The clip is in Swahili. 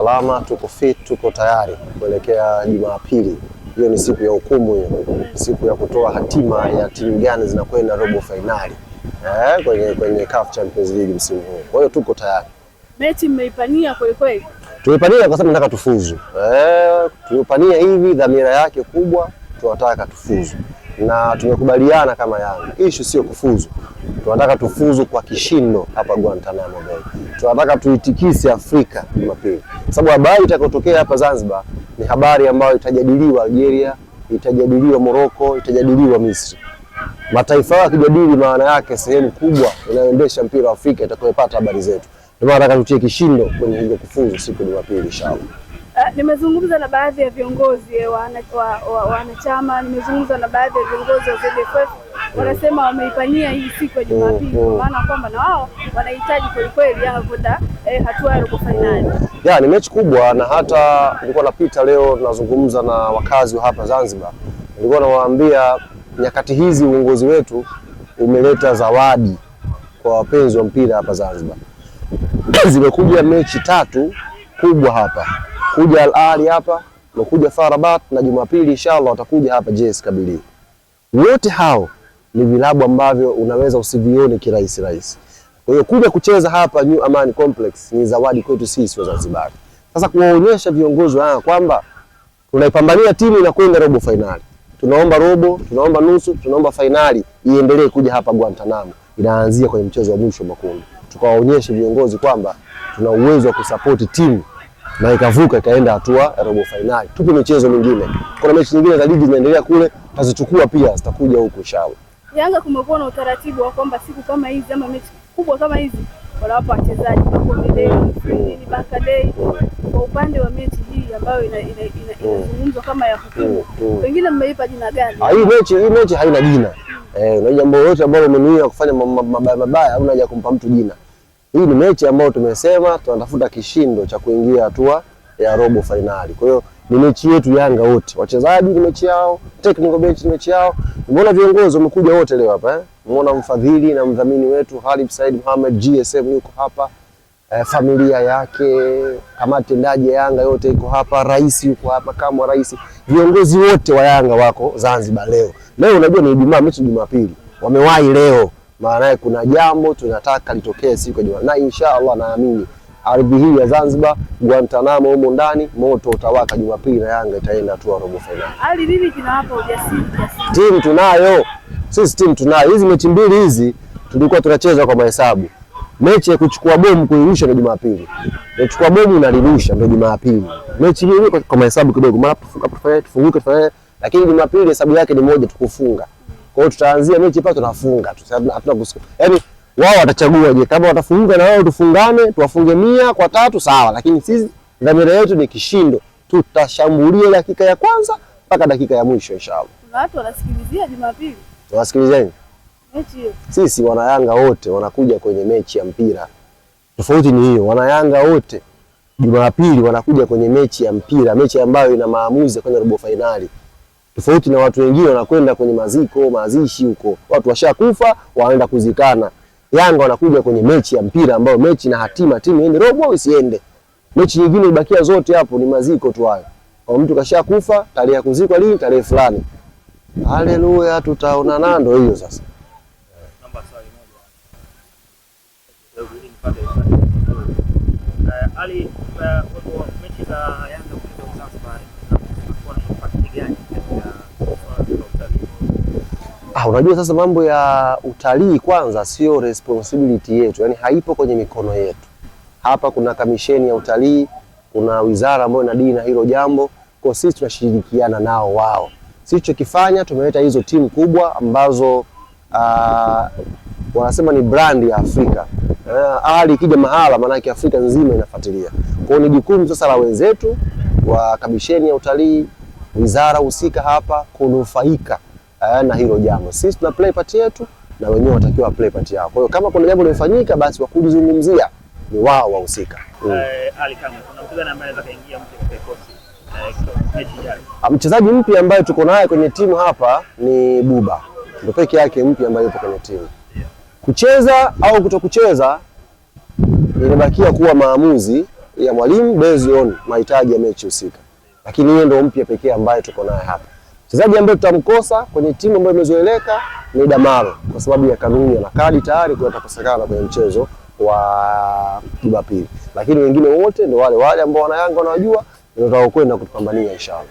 Salama, tuko fit, tuko tayari kuelekea Jumapili. Hiyo ni siku ya hukumu, hiyo siku ya kutoa hatima ya timu gani zinakwenda robo fainali eh, kwenye, kwenye CAF Champions League msimu huu. Kwa hiyo tuko tayari. Mechi mmeipania kweli kweli? Tumepania kwa sababu nataka tufuzu eh, tumepania hivi, dhamira yake kubwa, tunataka tufuzu na tumekubaliana kama Yanga, issue sio kufuzu, tunataka tufuzu kwa kishindo hapa Guantanamo Bay, tunataka tuitikise Afrika Jumapili kwa sababu habari itakayotokea hapa Zanzibar ni habari ambayo itajadiliwa Algeria, itajadiliwa Morocco, itajadiliwa Misri. Mataifa hayo yakijadili, maana yake sehemu kubwa inayoendesha mpira wa Afrika itakayopata habari zetu. Ndio maana nataka tutie kishindo kwenye hiyo kufuzu siku ya Jumapili inshallah. Uh, ah, nimezungumza na baadhi ya viongozi wanachama wa, wa, nimezungumza na baadhi ya viongozi wa ZFF wanasema wameifanyia hii siku ya Jumapili kwa maana kwamba na wao wanahitaji kwelikweli Yanga kwenda eh, hatua ya robo fainali. ni mechi kubwa, na hata nilikuwa napita leo nazungumza na wakazi wa hapa Zanzibar, nilikuwa nawaambia nyakati hizi uongozi wetu umeleta zawadi kwa wapenzi wa mpira hapa Zanzibar. Zimekuja mechi tatu kubwa hapa, kuja Al Ahly hapa, nakuja Farabat na Jumapili inshallah watakuja hapa JS Kabylie. Wote hao ni vilabu ambavyo unaweza usivione kirahisi rahisi. Kwa hiyo kuja kucheza hapa New Amani Complex ni zawadi kwetu sisi Wazanzibari. Sasa kuwaonyesha viongozi haya kwamba tunaipambania timu inakwenda robo fainali, tunaomba robo, tunaomba nusu, tunaomba fainali iendelee kuja hapa Guantanamo, inaanzia kwenye mchezo wa mwisho makundi. Tukawaonyesha viongozi kwamba tuna uwezo wa kusapoti timu na ikavuka ikaenda hatua ya robo fainali. Tupe michezo mingine, kuna mechi nyingine za ligi zinaendelea kule, tazichukua pia zitakuja huku. Yanga kumekuwa na utaratibu wa kwamba siku kama hizi ama mechi kubwa kama hizi wanawapa wachezaji bakadei. Kwa upande wa mechi hii ambayo mm. inazungumzwa kama ya hukumu, mm, mm. pengine mmeipa jina gani ah, hii mechi? Hii mechi haina jina. Eh, na jambo lolote ambalo umenuia kufanya mabaya mabaya, au unaja kumpa mtu jina. Hii ni mechi ambayo tumesema tunatafuta kishindo cha kuingia hatua ya robo fainali. Kwa hiyo ni mechi yetu Yanga wote, wachezaji ni mechi yao, technical bench ni mechi yao. Umeona viongozi wamekuja wote leo hapa eh? Umeona mfadhili na mdhamini wetu Halib Said Muhammad GSM yuko hapa eh, familia yake, kamati tendaji ya Yanga yote iko hapa, rais yuko hapa, kama rais, viongozi wote wa Yanga wako Zanzibar leo. Leo unajua ni Ijumaa, mechi Jumapili, wamewahi leo, maana kuna jambo tunataka litokee siku ya Jumaa, na inshallah naamini ardhi hii ya Zanzibar Guantanamo humo ndani moto utawaka Jumapili na Yanga itaenda tu robo fainali. Ali, mimi kinawapa ujasiri. Timu tunayo sisi timu tunayo hizi mechi mbili hizi, tulikuwa tunacheza kwa mahesabu. Mechi ya kuchukua bomu kuirusha ndio Jumapili, kuchukua bomu unalirusha ndio Jumapili. Mechi hiyo kwa mahesabu kidogo, mara tufunga tufanye tufunguke tufanye, lakini Jumapili hesabu yake ni moja, tukufunga. Kwa hiyo tutaanzia mechi pale tunafunga tu, sababu hatuna kusuka. Yaani wao watachagua, je, kama watafunga na wao tufungane, tuwafunge mia kwa tatu sawa, lakini sisi dhamira yetu ni kishindo, tutashambulia dakika ya kwanza mpaka dakika ya mwisho inshallah. Kuna watu wanasikilizia Jumapili. Wasikilizeni, sisi wanayanga wote wanakuja kwenye mechi ya mpira. Tofauti ni hiyo, wanayanga wote Jumapili wanakuja kwenye mechi ya mpira, mechi ambayo ina maamuzi kwenye robo fainali, tofauti na watu wengine wanakwenda kwenye maziko, mazishi huko, watu washakufa waenda kuzikana. Yanga wanakuja kwenye mechi ya mpira ambayo mechi na hatima, timu iende robo au isiende. Mechi nyingine ibakia zote hapo ni maziko tu hayo, kwa mtu kashakufa, tarehe ya kuzikwa lini, tarehe fulani. Haleluya, tutaona nando hiyo sasa. Ah, unajua sasa mambo ya utalii kwanza sio responsibility yetu, yaani haipo kwenye mikono yetu. Hapa kuna kamisheni ya utalii, kuna wizara ambayo inadili na hilo jambo, kwa sisi tunashirikiana nao wao sichokifanya tumeleta hizo timu kubwa ambazo uh, wanasema ni brand ya Afrika. Uh, eh, Ali ikija mahala, maanake Afrika nzima inafuatilia. Kwa hiyo ni jukumu sasa la wenzetu wa kamisheni ya utalii, wizara husika hapa kunufaika uh, na hilo jambo. Sisi tuna play part yetu na wenyewe watakiwa play part yao. Kwa hiyo kama kuna jambo limefanyika, basi wakujizungumzia ni wao wahusika. Mm. Uh, Ali kama kuna mtu gani ambaye anaweza kaingia mtu kwa kikosi Mchezaji mpya ambaye tuko naye kwenye timu hapa ni Buba, ndio peke yake mpya ambaye yupo kwenye timu. Kucheza au kutokucheza inabakia kuwa maamuzi ya mwalimu based on mahitaji ya mechi husika, lakini yeye ndio mpya pekee ambaye tuko naye hapa. Mchezaji ambaye tutamkosa kwenye timu ambayo imezoeleka ni Damaro kwa sababu ya kanuni na kadi tayari kwa atakosekana kwenye mchezo wa Jumapili, lakini wengine wote ndio wale wale ambao wana Yanga wanawajua ndio tutakokwenda kupambania inshallah.